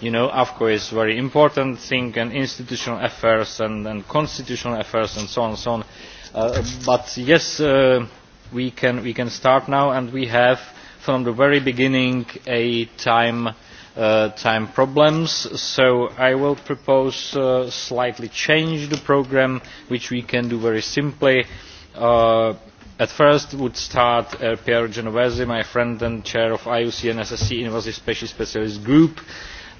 you know afco is a very important thing and institutional affairs and, constitutional affairs and so on and so on uh, but yes uh, we can start now and we have from the very beginning uh, time problems so i will propose to slightly change the programme which we can do very simply at first would start Pierre Genovese, my friend and chair of IUCN SSC Invasive Species Specialist Group,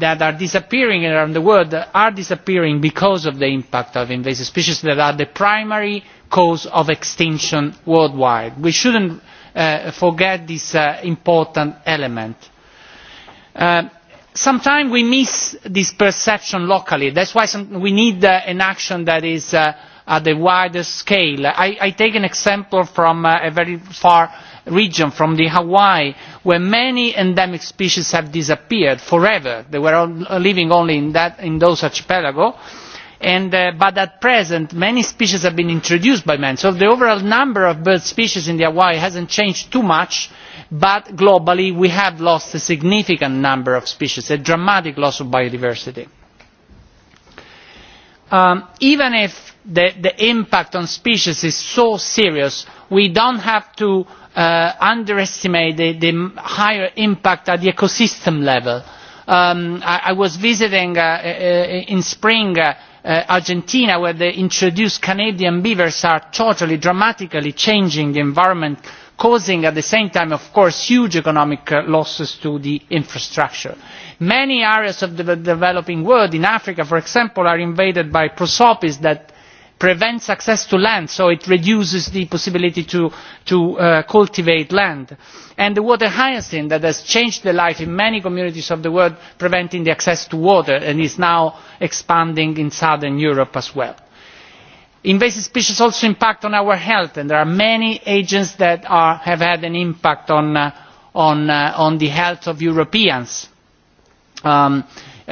that are disappearing around the world are disappearing because of the impact of invasive species that are the primary cause of extinction worldwide. We shouldn't uh, forget this uh, important element. Uh, sometimes we miss this perception locally. That's why some, we need uh, an action that is uh, at a wider scale. I, I take an example from uh, a very far region from the hawaii where many endemic species have disappeared forever they were uh, living only in, that, in those archipelagos uh, but at present many species have been introduced by man so the overall number of bird species in the hawaii has not changed too much but globally we have lost a significant number of species a dramatic loss of biodiversity. Um, even if the, impact on species is so serious we do not have to Uh, underestimate the, higher impact at the ecosystem level. Um, I, was visiting uh, uh, in spring Argentina where the introduced Canadian beavers are totally dramatically changing the environment causing at the same time of course huge economic losses to the infrastructure. Many areas of the developing world in Africa for example are invaded by prosopis that prevents access to land so it reduces the possibility to, uh, cultivate land and the water hyacinth that has changed the life in many communities of the world preventing access to water and is now expanding in southern europe as well. invasive species also impact on our health and there are many agents that have had an impact on, uh, uh, the health of europeans. such um,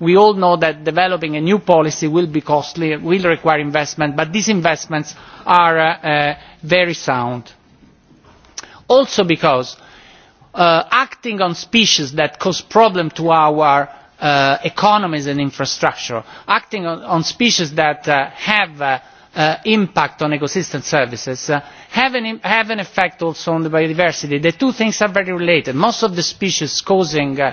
we all know that developing a new policy will be costly will require investment but these investments are uh, uh, very sound also because uh, acting on species that cause problems to our economies and infrastructure, acting on, species that have uh, impact on ecosystem services uh, have, an, have an effect also on the biodiversity. The two things are very related. Most of the species causing uh,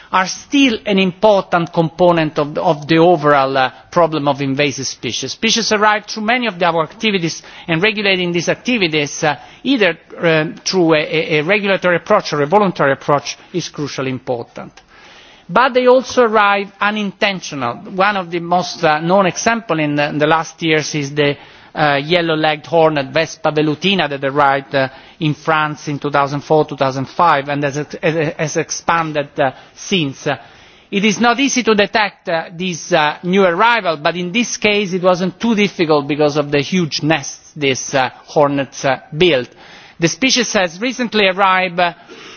are still an important component of the, overall uh, problem of invasive species. Species arrive through many of our activities and regulating these activities uh, either um, through a, regulatory approach or a voluntary approach is crucially important but they also arrive unintentionally. one of the most uh, known examples in, recent years is Uh, yellow-legged hornet Vespa velutina that arrived uh, in France in two thousand and four two thousand and five and has expanded uh, since. it is not easy to detect this new arrival but in this case it was not too difficult because of the huge nests these hornets build. the species has recently arrived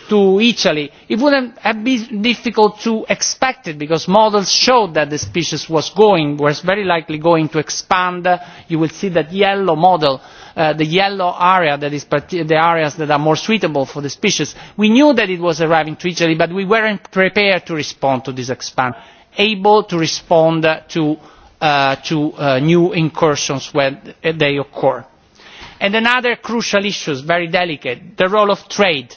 to Italy, it wouldn't have been difficult to expect it because models showed that the species was going, was very likely going to expand. You will see that yellow model, uh, the yellow area that is the areas that are more suitable for the species. We knew that it was arriving to Italy, but we weren't prepared to respond to this expansion, able to respond to, uh, to uh, new incursions when they occur. And another crucial issue, very delicate, the role of trade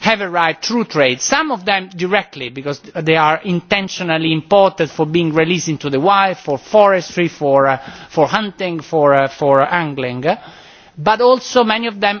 have right through trade some of them directly because they are intentionally imported for being released into the wild for forestry for, uh, for hunting for, uh, for angling but also many of them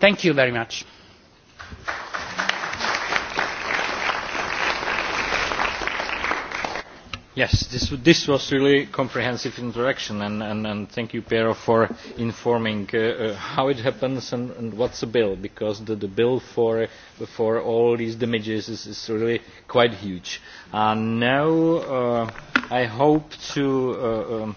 thank you very much. yes this, this was a really comprehensive introduction and, and, and thank you pero for informing uh, uh, how it happens and, and what the bill because the, the bill for, for all these damages is, is really quite huge. And now uh, i hope to uh, um,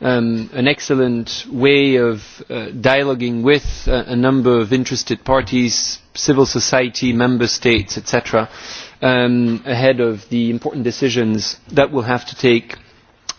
um, an excellent way of uh, dialoguing with uh, a number of interested parties, civil society, member states, etc., um, ahead of the important decisions that we'll have to take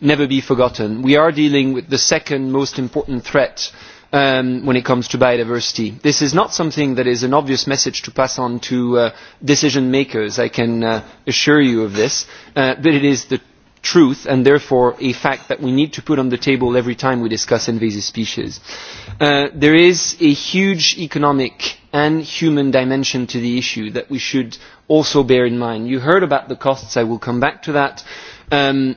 never be forgotten. We are dealing with the second most important threat um, when it comes to biodiversity. This is not something that is an obvious message to pass on to uh, decision makers, I can uh, assure you of this, uh, but it is the truth and therefore a fact that we need to put on the table every time we discuss invasive species. Uh, there is a huge economic and human dimension to the issue that we should also bear in mind. You heard about the costs, I will come back to that. Um,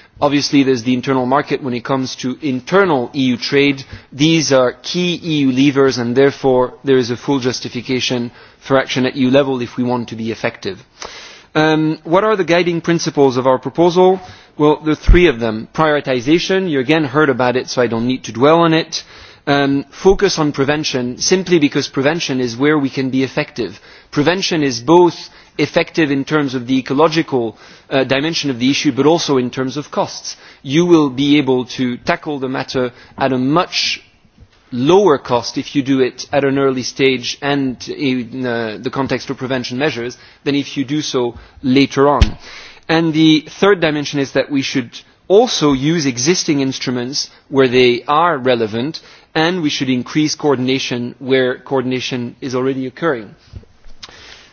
obviously there is the internal market when it comes to internal eu trade these are key eu levers and therefore there is a full justification for action at eu level if we want to be effective. Um, what are the guiding principles of our proposal? well there are three of them prioritisation you again heard about it so i do not need to dwell on it; Um, focus on prevention simply because prevention is where we can be effective. Prevention is both effective in terms of the ecological uh, dimension of the issue but also in terms of costs. You will be able to tackle the matter at a much lower cost if you do it at an early stage and in uh, the context of prevention measures than if you do so later on. the third dimension is that we should also use existing instruments where they are relevant and we should increase coordination where coordination is already occurring.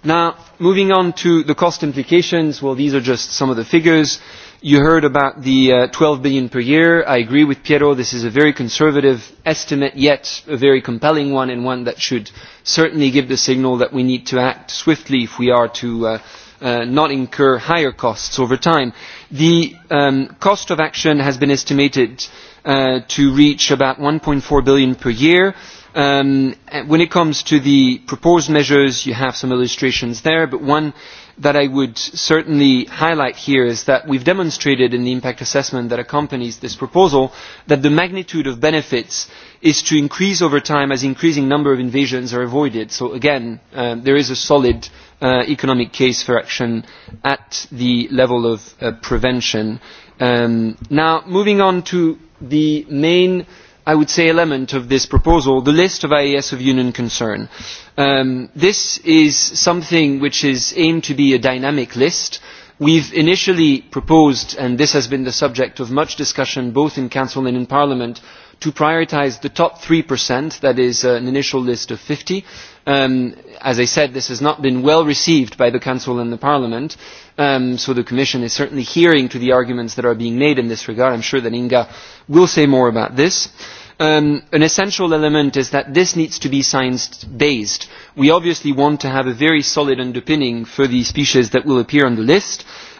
Now, moving on to the cost implications, well, these are just some of the figures. You heard about the uh, 12 billion per year. I agree with Piero, this is a very conservative estimate, yet a very compelling one and one that should certainly give the signal that we need to act swiftly if we are to uh, uh, not incur higher costs over time. The um, cost of action has been estimated uh, to reach about 1.4 billion per year. Um, when it comes to the proposed measures, you have some illustrations there, but one that I would certainly highlight here is that we've demonstrated in the impact assessment that accompanies this proposal that the magnitude of benefits is to increase over time as increasing number of invasions are avoided. So again, uh, there is a solid uh, economic case for action at the level of uh, prevention. Um, now, moving on to the main uh, I would say, element of this proposal, the list of IAS of union concern. Um, this is something which is aimed to be a dynamic list. We've initially proposed, and this has been the subject of much discussion both in Council and in Parliament, to prioritise the top 3%, that is uh, an initial list of fifty Um, as I said, this has not been well received by the Council and the Parliament, um, so the Commission is certainly hearing to the arguments that are being made in this regard. I'm sure that Inga will say more about this. Um, an essential element is that this needs to be science based. We obviously want to have a very solid underpinning for the species that will appear on the list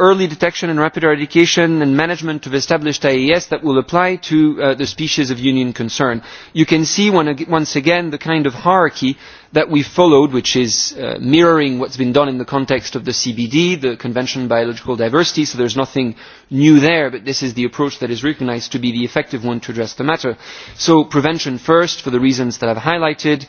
early detection and rapid eradication and management of established IAS e that will apply to uh, the species of union concern. You can see once again the kind of hierarchy that we followed, which is uh, mirroring what's been done in the context of the CBD, the Convention on Biological Diversity, so there's nothing new there, but this is the approach that is recognized to be the effective one to address the matter. So prevention first, for the reasons that I've highlighted, uh,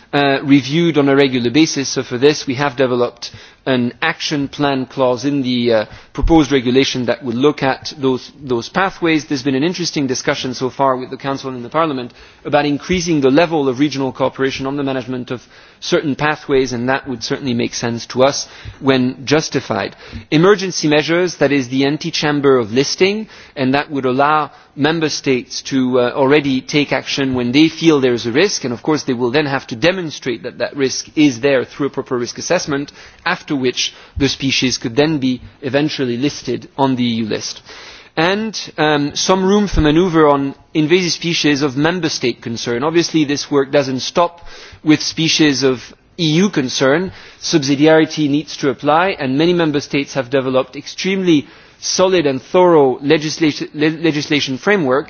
Uh, reviewed on a regular basis. So for this, we have developed an action plan clause in the uh, proposed regulation that would look at those, those pathways. There's been an interesting discussion so far with the Council and the Parliament about increasing the level of regional cooperation on the management of certain pathways, and that would certainly make sense to us when justified. Emergency measures, that is the anti-chamber of listing, and that would allow member states to uh, already take action when they feel there is a risk, and of course they will then have to demonstrate that that risk is there through a proper risk assessment after after which the species could then be eventually listed on the EU list. And um, some room for manoeuvre on invasive species of member state concern. Obviously this work doesn't stop with species of EU concern. Subsidiarity needs to apply and many member states have developed extremely solid and thorough legislat legislation framework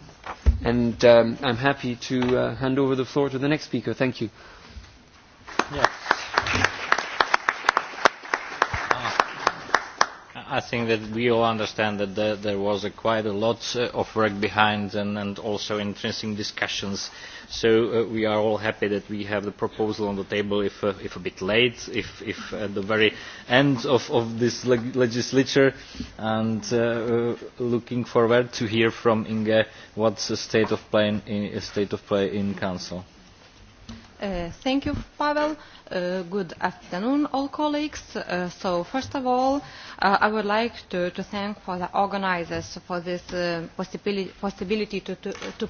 And um, I'm happy to uh, hand over the floor to the next speaker. Thank you. Yes. Uh, I think that we all understand that there, there was a quite a lot uh, of work behind and, and also interesting discussions uh, so uh, we are all happy that we have the proposal on the table if, uh, a bit late if, at the very end of, this legislature and uh, looking forward to hear from inge what is the state of play in, state of play in council. Uh, thank you, Pavel. Uh, good afternoon, all colleagues. Uh, so, first of all, uh, Uh, I would like to, to thank for the organizers for this uh, possibility, possibility to, to, to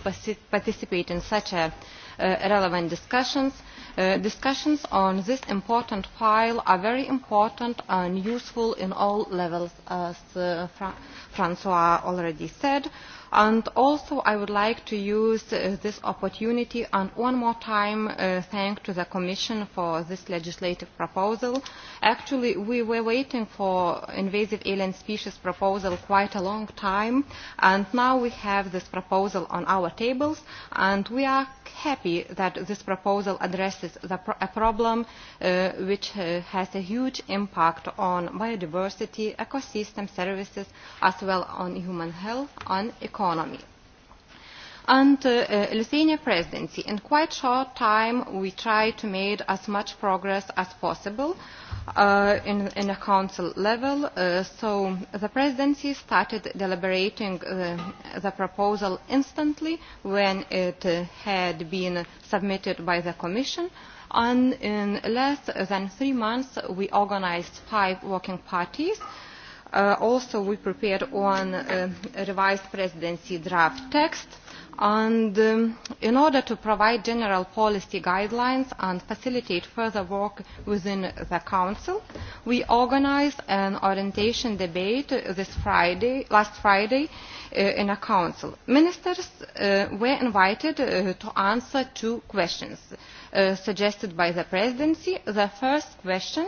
participate in such a, uh, relevant discussions. Uh, discussions on this important file are very important and useful in all levels, as uh, Fra Francois already said. Uh, And also I would like to use uh, this opportunity and one more time uh, thank to the Commission for this legislative proposal. Actually, we were waiting for invasive alien species proposal quite a long time, and now we have this proposal on our tables, and we are happy that this proposal addresses the pro a problem uh, which uh, has a huge impact on biodiversity, ecosystem services, as well on human health and ecology economy. And uh, Lithuania presidency, in quite short time, we try to make as much progress as possible uh, in, in a council level. Uh, so the presidency started deliberating uh, the proposal instantly when it uh, had been submitted by the commission. And in less than three months, we organized five working parties Uh, also, we prepared on uh, revised presidency draft text. And um, in order to provide general policy guidelines and facilitate further work within the Council, we organized an orientation debate this Friday, last Friday uh, in a Council. Ministers uh, were invited uh, to answer two questions uh, suggested by the Presidency. The first question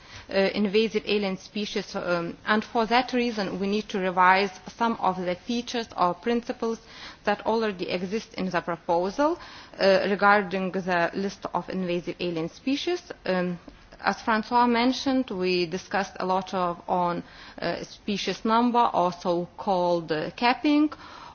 Uh, invasive alien species um, and for that reason we need to revise some of the features or principles that already exist in the proposal uh, regarding the list of invasive alien species um, as francois mentioned we discussed a lot of, on uh, species number also called uh, capping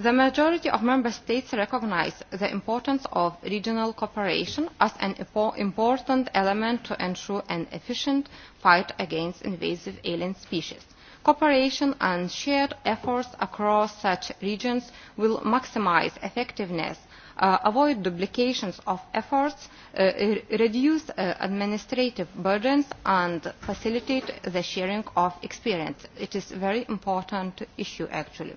the majority of member states recognise the importance of regional cooperation as an important element to ensure an efficient fight against invasive alien species. cooperation and shared efforts across such regions will maximise effectiveness uh, avoid duplications of efforts uh, reduce uh, administrative burdens and facilitate the sharing of experience. it is a very important issue actually.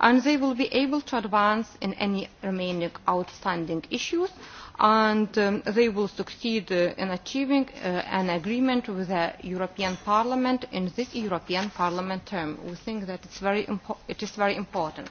and they will be able to advance in any remaining outstanding issues and um, they will succeed uh, in achieving uh, an agreement with the European Parliament in this European Parliament term. We think that it's very it is very important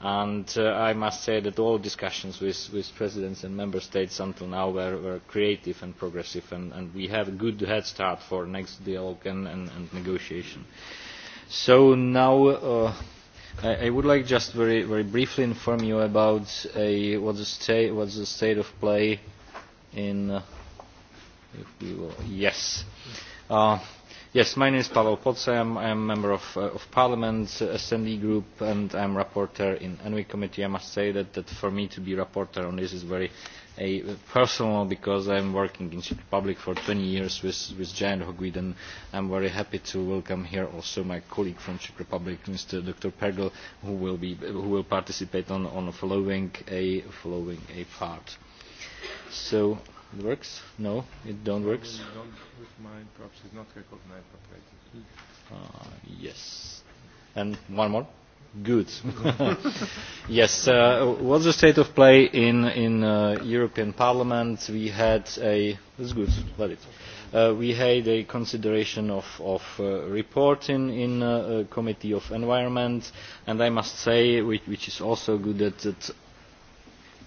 and uh, i must say that all discussions with, presidents and member states until now were, were creative and progressive and, we have a good head start for the next dialogue and, negotiation. so now uh, I, would like just very, very briefly inform you about what the state the state of play in uh, yes my name is Pavel Poce. i am a member of, parliament's uh, of Parliament, uh, SND group, and I'm rapporteur in the ENVI committee. I must say that, for me to be rapporteur on this is very a uh, personal because I'm working in the Czech Republic for twenty years with, Jan Hogwid and i am very happy to welcome here also my colleague from the Czech Republic, Mr. Dr. pergl who will, participate in the following, part. It works? No, it don't no, no, works. with no, mine, perhaps it's not recognized properly. Uh, yes. And one more. Good. yes. Uh, what's the state of play in in uh, European Parliament? We had a. It's good. Let it. Uh, we had a consideration of of uh, report in in uh, committee of environment, and I must say, which, which is also good that. that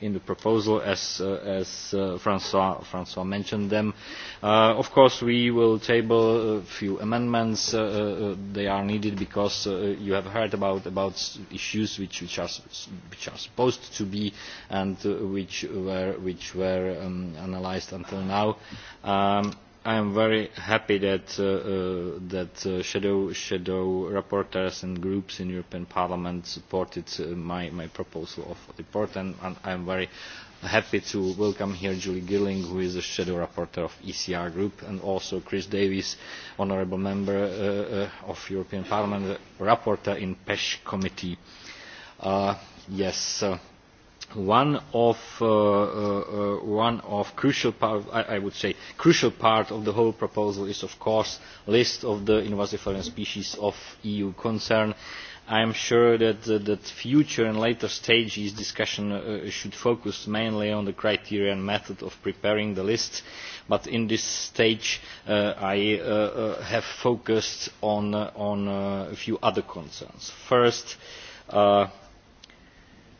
in the proposal as, uh, as uh, Francois, Francois mentioned them. Uh, of course, we will table a few amendments. Uh, uh, uh they are needed because uh, you have heard about, about issues which, which, are, which are supposed to be and uh, which were, which were um, analyzed until now. Um, I am very happy that, uh, uh, uh, shadow, rapporteurs and groups in the European Parliament supported my, my proposal of report, and, I am very happy to welcome here Julie girling who is the shadow rapporteur of the ECR Group, and also Chris Davies, honourable member of the European Parliament, rapporteur in the pech committee one of uh, uh, uh, one of crucial part I, I would say crucial part of the whole proposal is of course list of the invasive species of EU concern. I am sure that uh, that future and later stages discussion uh, uh, should focus mainly on the criteria and method of preparing the list, but in this stage uh, I uh, uh, have focused on uh, on uh, a few other concerns. First. Uh,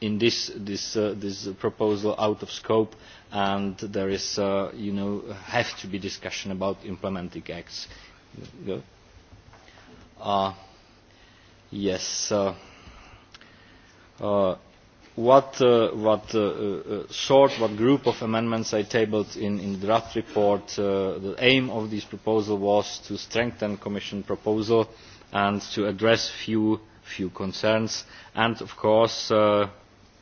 in this, this, uh, this proposal out of scope and there is, uh, you know, have to be discussion about implementing acts. Uh, yes. Uh, uh, what, uh, what uh, uh, uh, sort, what group of amendments I tabled in, in the draft report, uh, the aim of this proposal was to strengthen Commission proposal and to address few, few concerns and of course uh,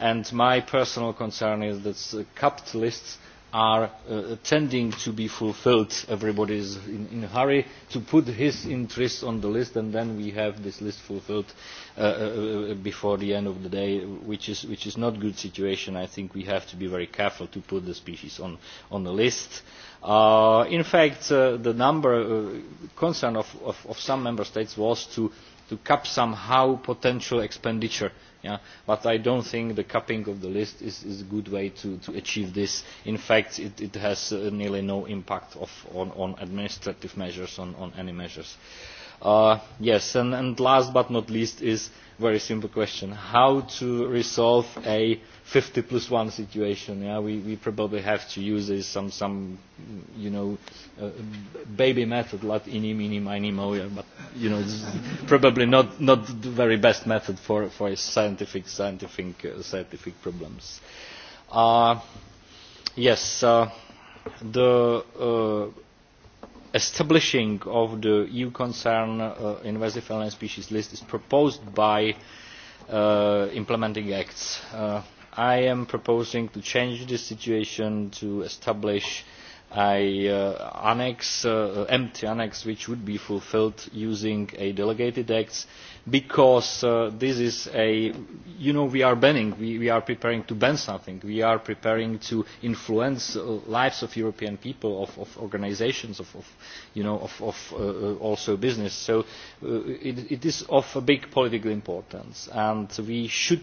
and my personal concern is that capitalists are uh, tending to be fulfilled. Everybody is in, in a hurry to put his interests on the list, and then we have this list fulfilled uh, uh, uh before the end of the day, which is, which is not a good situation. I think we have to be very careful to put the species on, on the list. Uh, in fact, uh, the number uh, concern of, of, of some member states was to, to cap somehow potential expenditure Yeah? But I don't think the cupping of the list is, is a good way to, to achieve this. In fact, it, it has uh, nearly no impact of, on, on administrative measures, on, on any measures. Uh, yes, and, and last but not least is a very simple question. How to resolve a 50 plus 1 situation? Yeah? We, we probably have to use this, some, some you know, uh, baby method, like ini, mini, mini, mo, yeah? but you know, it's probably not, not the very best method for, for scientific, scientific, uh, scientific problems. Uh, yes, uh, the uh, establishing of the EU concern uh, invasive alien species list is proposed by uh, implementing acts. Uh, I am proposing to change the situation to establish an uh, annex, uh, empty annex which would be fulfilled using a delegated act because uh, this is a you know we are banning we, are preparing to ban something we are preparing to influence the lives of european people of, of organisations of, of you know of, of uh, also business so it, it is of a big political importance and we should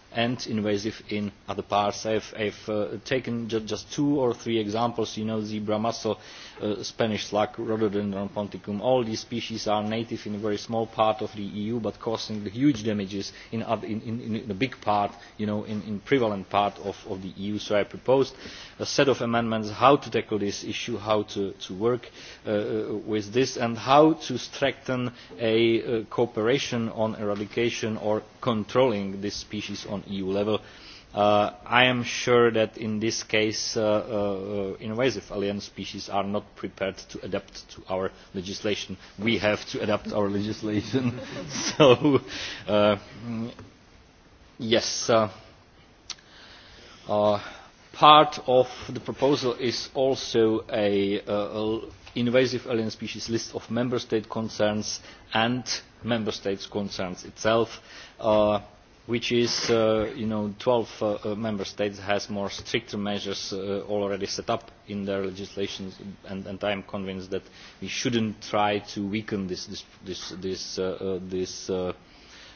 and invasive in other parts. i have uh, taken just two or three examples you know zebra mussel Uh, Spanish slug, rhododendron ponticum. All these species are native in a very small part of the EU, but causing huge damages in, other, in, in, in a big part, you know, in, in prevalent part of, of the EU. So I proposed a set of amendments how to tackle this issue, how to, to work uh, uh with this, and how to strengthen a uh, cooperation on eradication or controlling this species on EU level. Uh, Uh, I am sure that in this case uh, uh, invasive alien species are not prepared to adapt to our legislation. We have to adapt our legislation. so, yes, uh, part of the proposal is also a, a, a invasive alien species list of member state concerns and member states concerns itself. Uh, which is uh, you know 12 uh, uh, member states has more stricter measures uh, already set up in their legislation and, and I am convinced that we shouldn't try to weaken this, this, this, this, uh, uh, this uh,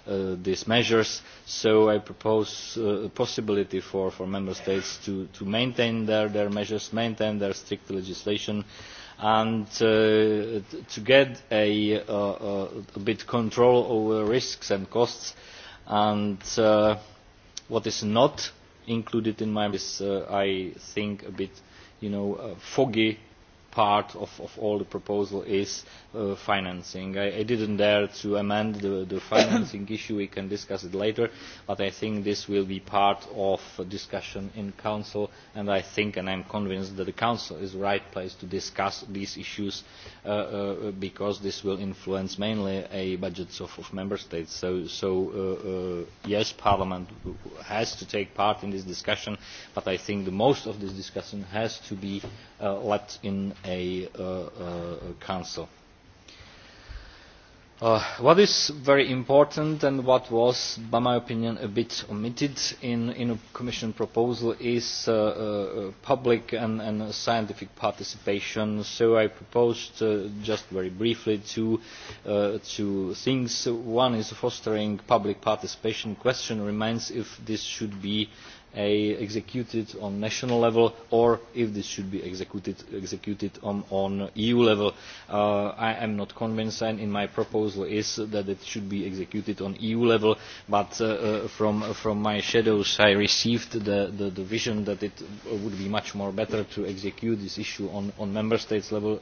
uh, these measures, so I propose uh, a possibility for, for member states to, to maintain their, their measures, maintain their strict legislation, and uh, to get a, uh, uh a bit control over risks and costs uh, and uh, what is not included in my is uh, i think a bit you know uh, foggy part of, of all the proposal is uh, financing. I, I didn't dare to amend the, the financing issue. We can discuss it later. But I think this will be part of a discussion in Council. And I think and I'm convinced that the Council is the right place to discuss these issues uh, uh, because this will influence mainly a budgets of, of Member States. So, so uh, uh, yes, Parliament has to take part in this discussion. But I think the most of this discussion has to be uh, led in a uh, uh, council. Uh, what is very important and what was, by my opinion, a bit omitted in, in a Commission proposal is uh, uh, public and, and scientific participation. So I proposed, uh, just very briefly, two, uh, two things. One is fostering public participation. The question remains if this should be executed on national level or if this should be executed, executed on, EU level. Uh, I am not convinced and in my proposal is that it should be executed on EU level but uh, uh, from, from my shadows I received the, the, the vision that it would be much more better to execute this issue on, on member states level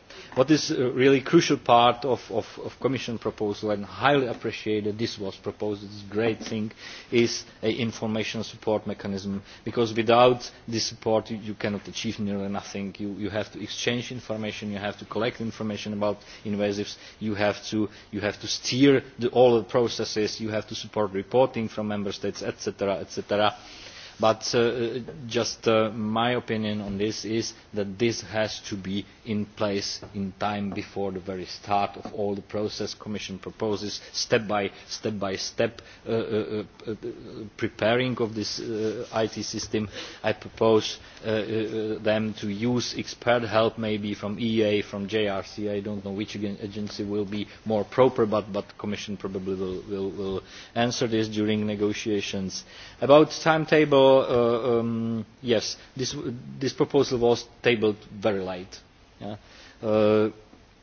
what is a uh, really crucial part of the commission proposal and highly appreciated this was proposed is a great thing is an information support mechanism because without this support you, cannot achieve nearly nothing you, you have to exchange information you have to collect information about invasives you have to you have to steer the, all the processes you have to support reporting from member states etc etc but uh, uh, just uh, my opinion on this is that this has to be in place in time before the very start of all the process the commission proposes step by step by step preparing of this it system. i propose them to use expert help maybe from eea from jrc i do not know which agency will be more proper but the commission probably will, will, will answer this during negotiations. about the timetable Uh, um, yes this, this proposal was tabled very late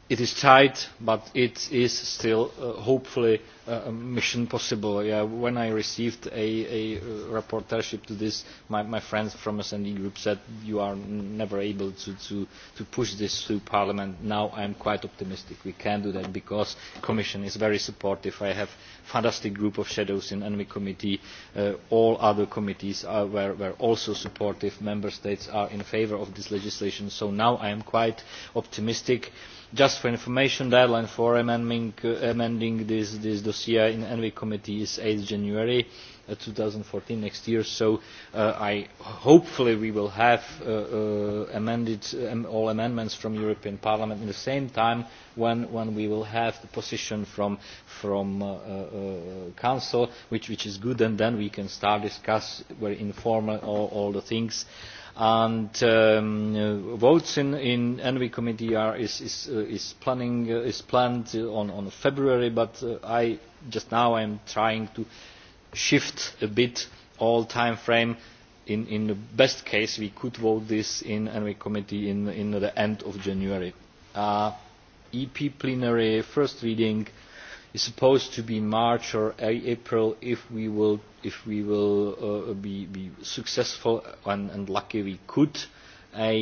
it is tight but it is still uh, hopefully uh, a mission possible. when I received a, rapporteurship reportership to this, my, friends from the SND group said you are never able to, push this through Parliament. Now I am quite optimistic we can do that because the Commission is very supportive. I have a fantastic group of shadows in the envi Committee. Uh, all other committees were, also supportive. Member States are in favour of this legislation. So now I am quite optimistic just for information the deadline for amending, uh, amending this, this dossier in the envi committee is eight january uh, two thousand and fourteen next year so uh, I, hopefully we will have uh, uh amended um, all amendments from the european parliament at the same time when, when we will have the position from the uh, council which, which is good and then we can start discussing very informally all, all the things and um, votes in the envi committee are uh, uh, planned for february but uh, i just now i'm trying to shift a bit all time frame in the best case we could vote this in the envi committee at the end of january uh, ep plenary first reading is supposed to be March or April if we will, if we will uh, be, be successful and, and lucky we could uh,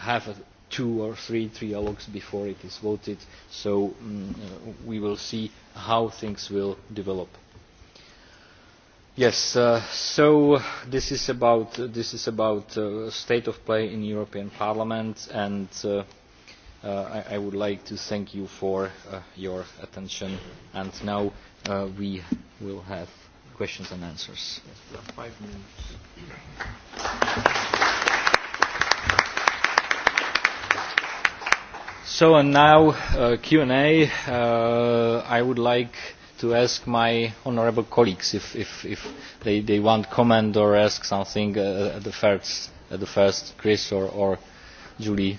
have a two or three trialogues before it is voted. So um, uh, we will see how things will develop. Yes, uh, so this is about, uh, this is about uh, state of play in European Parliament and uh, uh, I, I would like to thank you for uh, your attention. And now uh, we will have questions and answers. Yes, we have five minutes. So and now uh, Q&A. Uh, I would like to ask my honourable colleagues if, if, if they, they want comment or ask something uh, at the first, at the first Chris or, or Julie.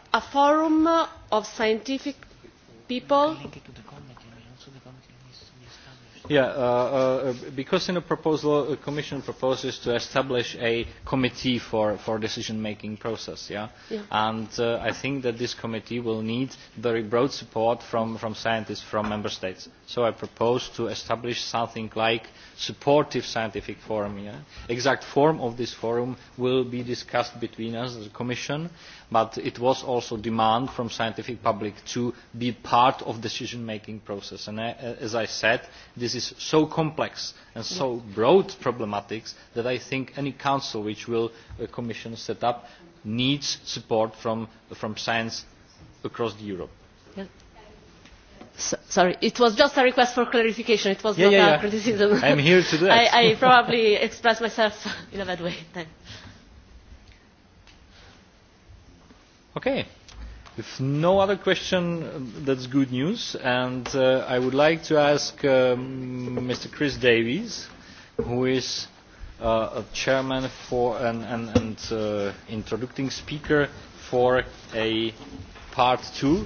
a forum of scientific people Uh, uh, because in the proposal, the Commission proposes to establish a committee for, the decision-making process. And uh, I think that this committee will need very broad support from, scientists from member states. So I propose to establish something like a supportive scientific forum. the Exact form of this forum will be discussed between us, the Commission, but it was also a demand from the scientific public to be part of the decision-making process. And as I said, this is is so complex and so broad problematic that i think any council which will, the uh, commission will set up needs support from, from science across europe. So, sorry it was just a request for clarification it was yeah, not yeah, a criticism. i am here to do that. I, I probably expressed myself in a bad way then. okay. If no other question, um, that's good news. And uh, I would like to ask um, Mr. Chris Davies, who is uh, a chairman for and, and uh, introducing speaker for a part two.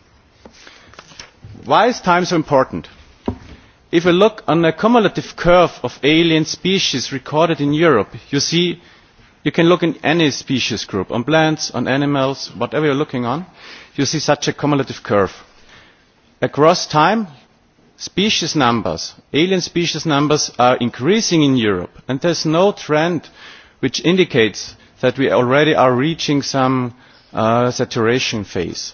why is time so important? if you look at the cumulative curve of alien species recorded in europe you see you can look in any species group on plants on animals whatever you're looking on you see such a cumulative curve across time species numbers alien species numbers are increasing in europe and there's no trend which indicates that we already are reaching some uh, saturation phase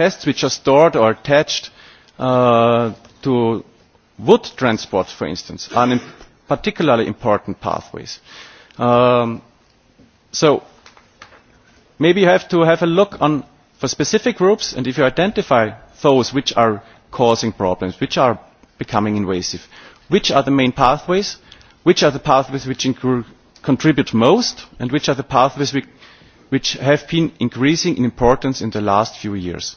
tests which are stored or attached uh, to wood transport, for instance, are in particularly important pathways. Um, so maybe you have to have a look on for specific groups, and if you identify those which are causing problems, which are becoming invasive, which are the main pathways, which are the pathways which contribute most, and which are the pathways which have been increasing in importance in the last few years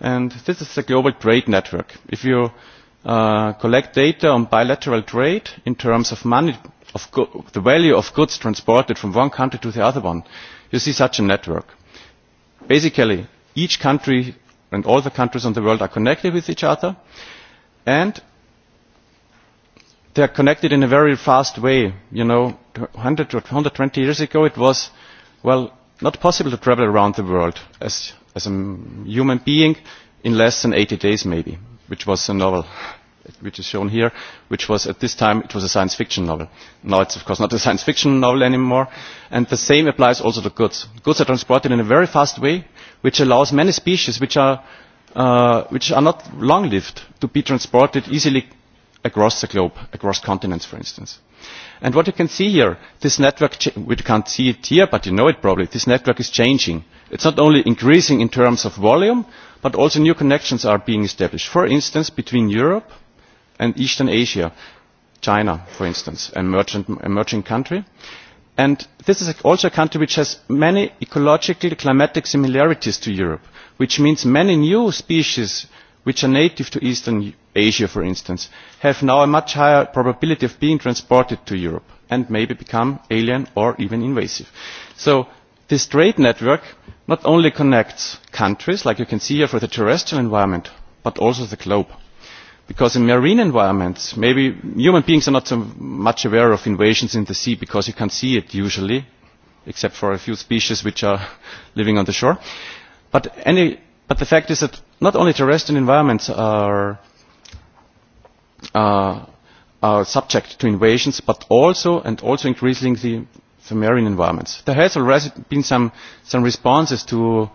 and this is the global trade network. if you uh, collect data on bilateral trade in terms of money of the value of goods transported from one country to the other one you see such a network. basically each country and all the countries in the world are connected with each other and they are connected in a very fast way. you know 100 or 120 years ago it was well not possible to travel around the world as as a human being in less than 80 days maybe, which was a novel which is shown here, which was at this time it was a science fiction novel. Now it's of course not a science fiction novel anymore. And the same applies also to goods. Goods are transported in a very fast way, which allows many species which are, uh, which are not long-lived to be transported easily across the globe, across continents, for instance. And what you can see here, this network, we can't see it here, but you know it probably, this network is changing it is not only increasing in terms of volume but also new connections are being established for instance between europe and eastern asia china for instance an emerging, emerging country and this is also a country which has many ecological climatic similarities to europe which means many new species which are native to eastern asia for instance have now a much higher probability of being transported to europe and maybe become alien or even invasive. so this trade network not only connects countries like you can see here for the terrestrial environment but also the globe because in marine environments maybe human beings are not so much aware of invasions in the sea because you can't see it usually except for a few species which are living on the shore but any but the fact is that not only terrestrial environments are uh, are subject to invasions but also and also increasingly the marine environments. There has already been some, some responses to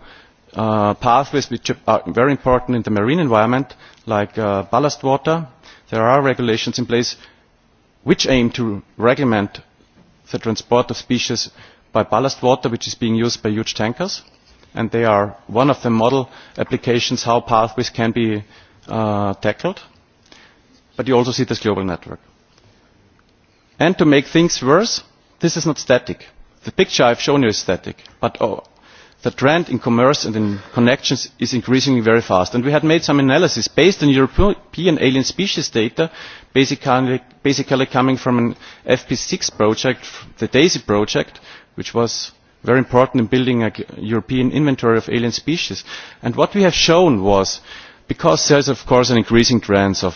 uh, pathways which are very important in the marine environment, like uh, ballast water. There are regulations in place which aim to regulate the transport of species by ballast water, which is being used by huge tankers. And they are one of the model applications how pathways can be uh, tackled. But you also see this global network. And to make things worse, this is not static. the picture i have shown you is static but oh, the trend in commerce and in connections is increasing very fast and we had made some analysis based on european alien species data basically, basically coming from an fp6 project the daisy project which was very important in building a european inventory of alien species and what we have shown was because there is of course an increasing trend of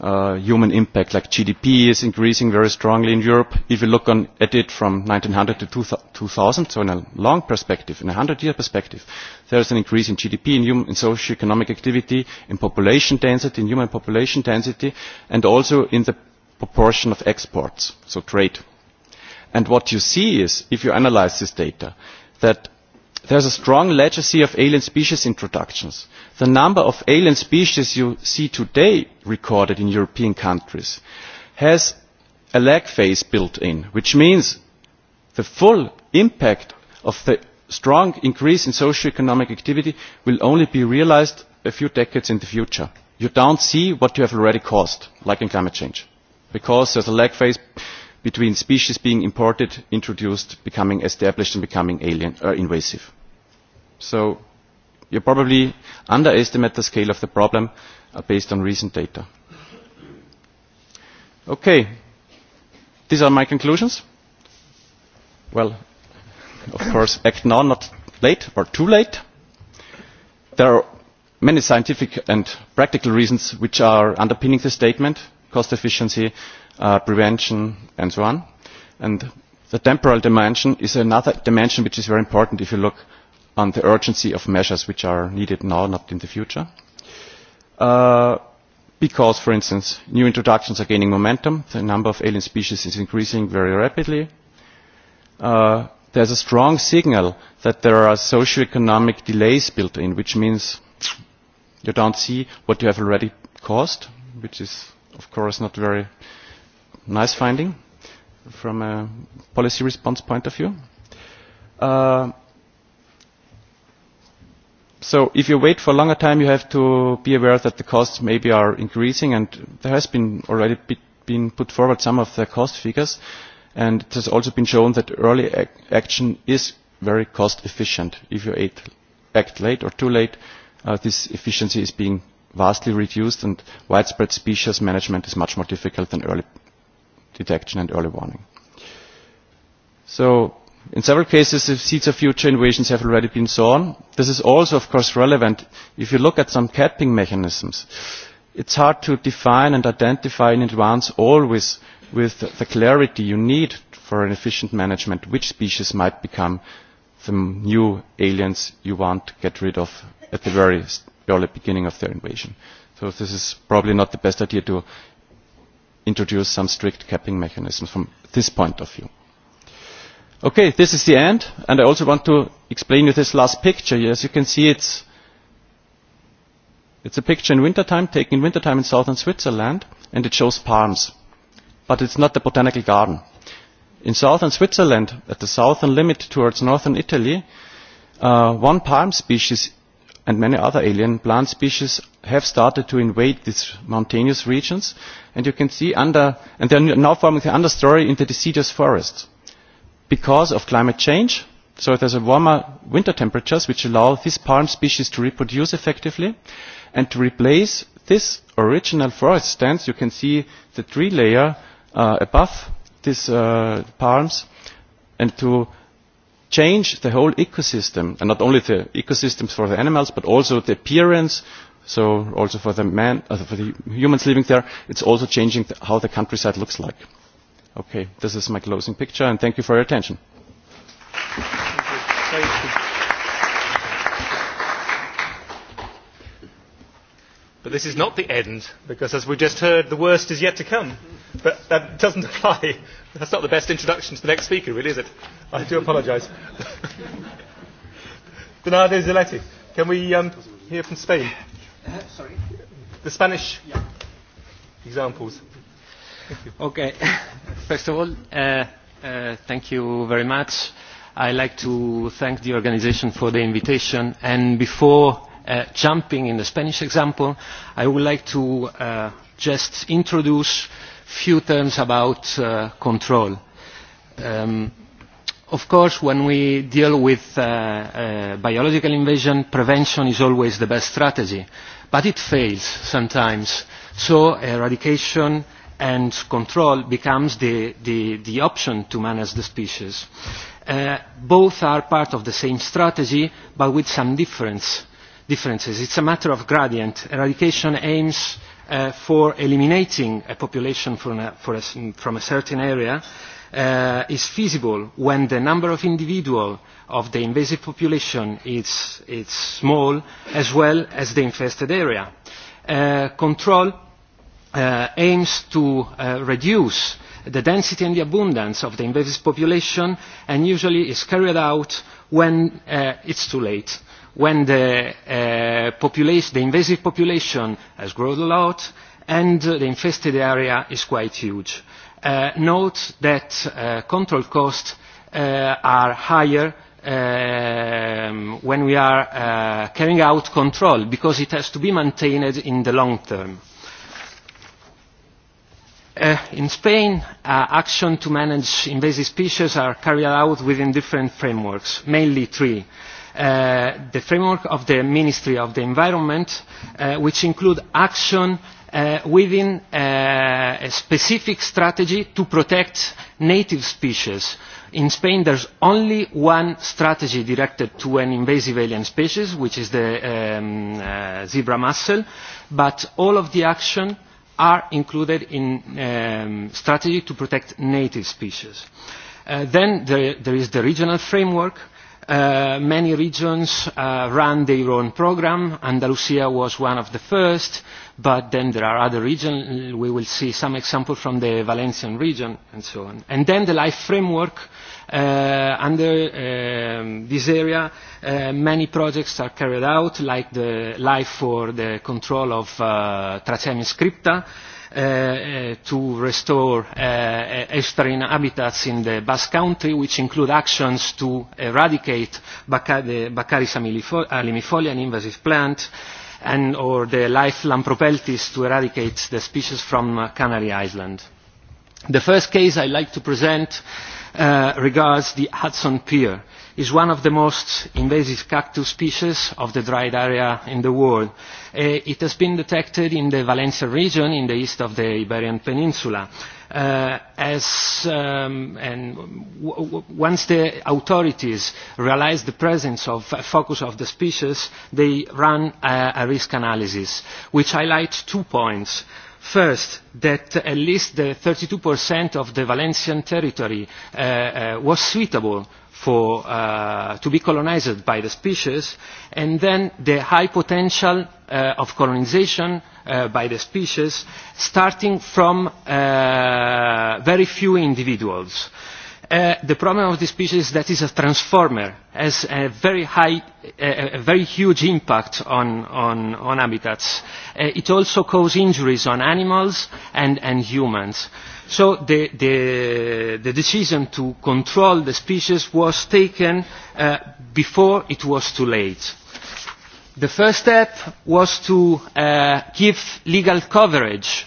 Uh, human impact, like GDP is increasing very strongly in Europe. If you look on, at it from 1900 to 2000, so in a long perspective, in a 100-year perspective, there is an increase in GDP, in, human, in socio-economic activity, in population density, in human population density, and also in the proportion of exports, so trade. And what you see is, if you analyze this data, that there's a strong legacy of alien species introductions. The number of alien species you see today recorded in European countries, has a lag phase built in, which means the full impact of the strong increase in socio-economic activity will only be realized a few decades in the future. You don't see what you have already caused, like in climate change, because there's a lag phase between species being imported, introduced, becoming established and becoming alien or uh, invasive. So you probably underestimate the scale of the problem uh, based on recent data. Okay, these are my conclusions. Well, of course, act now, not late or too late. There are many scientific and practical reasons which are underpinning the statement, cost efficiency, uh, prevention, and so on. And the temporal dimension is another dimension which is very important if you look on the urgency of measures which are needed now, not in the future uh, because, for instance, new introductions are gaining momentum. The number of alien species is increasing very rapidly. Uh, there's a strong signal that there are socioeconomic delays built in, which means you don't see what you have already caused, which is, of course, not very nice finding from a policy response point of view. Uh, so if you wait for a longer time, you have to be aware that the costs maybe are increasing, and there has been already be, been put forward some of the cost figures, and it has also been shown that early ac action is very cost efficient. If you act, act late or too late, uh, this efficiency is being vastly reduced, and widespread species management is much more difficult than early detection and early warning. So in several cases the seeds of future innovations have already been sown. this is also of course relevant if you look at some capping mechanisms. it is hard to define and identify in advance always with the clarity you need for an efficient management which species might become the new aliens you want to get rid of at the very early beginning of their invasion. So this is probably not the best idea to introduce some strict capping mechanisms from this point of view. Okay, this is the end, and I also want to explain you this last picture. As you can see, it's, it's a picture in wintertime, taken in wintertime in southern Switzerland, and it shows palms. But it's not the botanical garden. In southern Switzerland, at the southern limit towards northern Italy, uh, one palm species and many other alien plant species have started to invade these mountainous regions, and you can see under, and they are now forming the understory in the deciduous forests because of climate change. So there's a warmer winter temperatures which allow this palm species to reproduce effectively and to replace this original forest stands. You can see the tree layer uh, above these uh, palms and to change the whole ecosystem and not only the ecosystems for the animals but also the appearance so also for the man uh, for the humans living there it's also changing the, how the countryside looks like Okay, this is my closing picture, and thank you for your attention. Thank you. Thank you. But this is not the end, because as we just heard, the worst is yet to come. But that doesn't apply. That's not the best introduction to the next speaker, really, is it? I do apologise. Bernardo Zaletti, can we um, hear from Spain? Uh, sorry? The Spanish yeah. examples. Okay. First of all, uh, uh, thank you very much. I'd like to thank the organization for the invitation. And before uh, jumping in the Spanish example, I would like to uh, just introduce a few terms about uh, control. Um, of course, when we deal with uh, uh, biological invasion, prevention is always the best strategy, but it fails sometimes. So eradication and control becomes the, the, the option to manage the species. Uh, both are part of the same strategy, but with some difference, differences. It's a matter of gradient. Eradication aims uh, for eliminating a population from a, for a, from a certain area uh, is feasible when the number of individuals of the invasive population is, is small as well as the infested area. Uh, control Uh, aims to uh, reduce the density and the abundance of the invasive population and usually is carried out when it uh, it's too late, when the, invasive population has grown a lot and the infested area is quite huge. note that control costs are higher um, when we are carrying out control because it has to be maintained in the long term Uh, in Spain, uh, action to manage invasive species are carried out within different frameworks, mainly three. Uh, the framework of the Ministry of the Environment, uh, which include action uh, within uh, a specific strategy to protect native species. In Spain, there's only one strategy directed to an invasive alien species, which is the um, uh, zebra mussel, but all of the action are included in um, strategy to protect native species. Uh, then there, there is the regional framework. Uh, many regions uh, run their own program. Andalusia was one of the first, but then there are other regions. We will see some examples from the Valencian region and so on. And then the life framework uh, Uh, under um, this area, uh, many projects are carried out, like the Life for the Control of uh, Tracemia scripta, uh, uh, to restore uh, uh, estuarine habitats in the Basque Country, which include actions to eradicate Baca the Baccharis alimifolia, an invasive plant, and or the Life lampropeltis to eradicate the species from uh, Canary Island. The first case I'd like to present uh, Uh, regards the Hudson pear. is one of the most invasive cactus species of the dried area in the world. Uh, it has been detected in the Valencia region in the east of the Iberian Peninsula. Uh, as, um, and w w once the authorities realised the presence of a uh, focus of the species, they ran a, a risk analysis, which highlights two points First, that at least the 32% of the Valencian territory uh, uh, was suitable for, uh, to be colonized by the species, and then the high potential uh, of colonization uh, by the species starting from uh, very few individuals. Uh, Uh, the problem of this species is that it is a transformer, has a very high, a, very huge impact on, habitats. Uh, it also causes injuries on animals and, humans. So the, decision to control the species was taken uh, before it was too late. The first step was to give legal coverage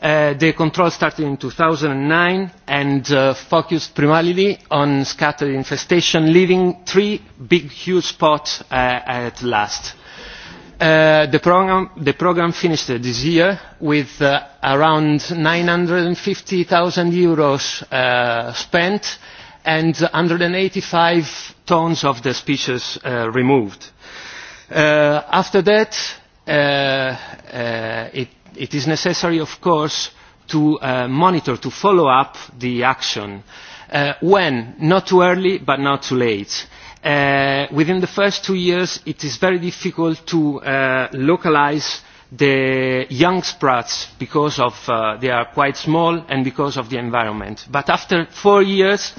Uh, the control started in 2009 and and uh, focused primarily on scattered infestation, leaving three big, huge spots uh, at last. the, programme finished this year with nine hundred and euros zero spent and 185 tonnes of the species removed. after that, it it is necessary of course to uh, monitor to follow up the action uh, when not too early but not too late. Uh, within the first two years it is very difficult to uh, localize the young sprats because of, uh, they are quite small and because of the environment. But after four years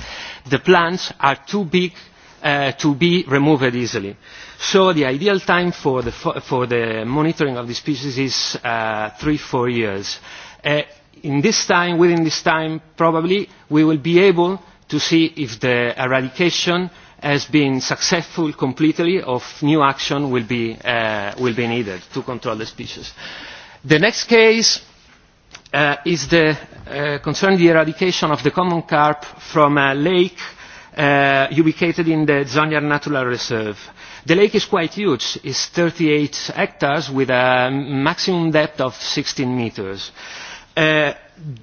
the plants are too big uh, to be removed easily. So the ideal time for the, for the monitoring of the species is uh, three, four years. Uh, in this time, within this time, probably we will be able to see if the eradication has been successful completely of new action will be, uh, will be needed to control the species. The next case uh, is the, uh, concerning the eradication of the common carp from a lake uh, ubicated in the Zonyar Natural Reserve. The lake is quite huge. It's 38 hectares with a maximum depth of 16 meters. Uh,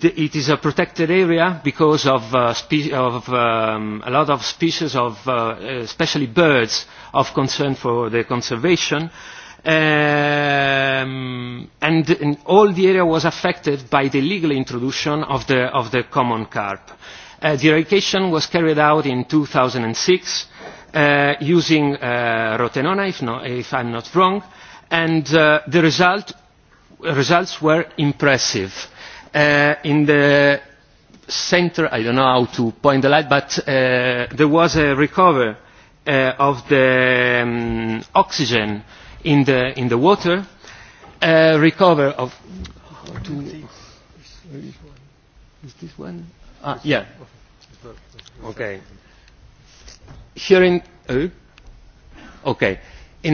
the, it is a protected area because of, uh, of um, a lot of species of, uh, especially birds, of concern for the conservation. Um, and, and all the area was affected by the legal introduction of the, of the common carp. Uh, the eradication was carried out in 2006 uh, using uh, rotenona, if, no, if I'm not wrong, and uh, the result, results were impressive. Uh, in the center, I don't know how to point the light, but uh, there was a recovery uh, of the um, oxygen in the, in the water, uh, recover of... Two, is this one? Ah, yeah. In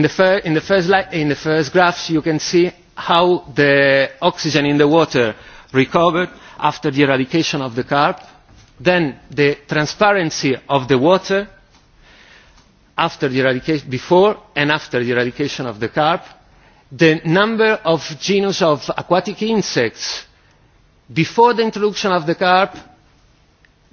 the, first in the first graphs you can see how the oxygen in the water recovered after the eradication of the carp, then the transparency of the water after the eradication, before and after the eradication of the carp, the number of genus of aquatic insects before the introduction of the carp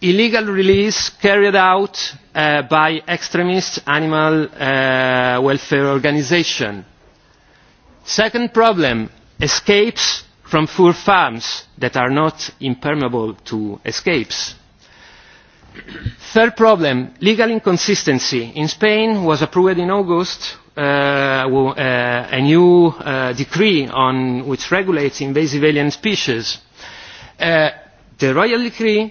illegal release carried out uh, by extremist animal uh, welfare organisations. second problem escapes from fur farms that are not impermeable to escapes. third problem legal inconsistency. in spain was approved in august uh, uh, a new uh, decree on, which regulates invasive alien species. Uh, the royal decree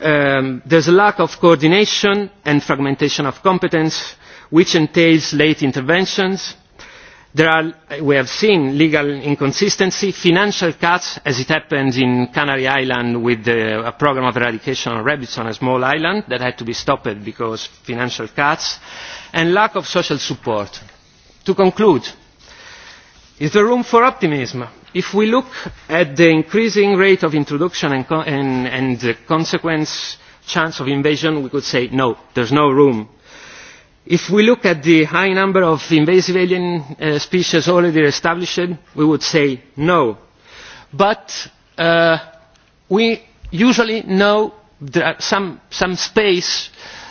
Um, there is a lack of coordination and fragmentation of competence which entails late interventions. there are as we have seen legal inconsistency financial cuts as happened in the canary islands with the, a programme of eradication of rabies on a small island that had to be stopped because of financial cuts and lack of social support. to conclude is there room for optimism? if we look at the increasing rate of introduction and, and, and the consequent chance of invasion we could say no there is no room. if we look at the high number of invasive alien uh, species already established we would say no but uh, we usually know there is some, some space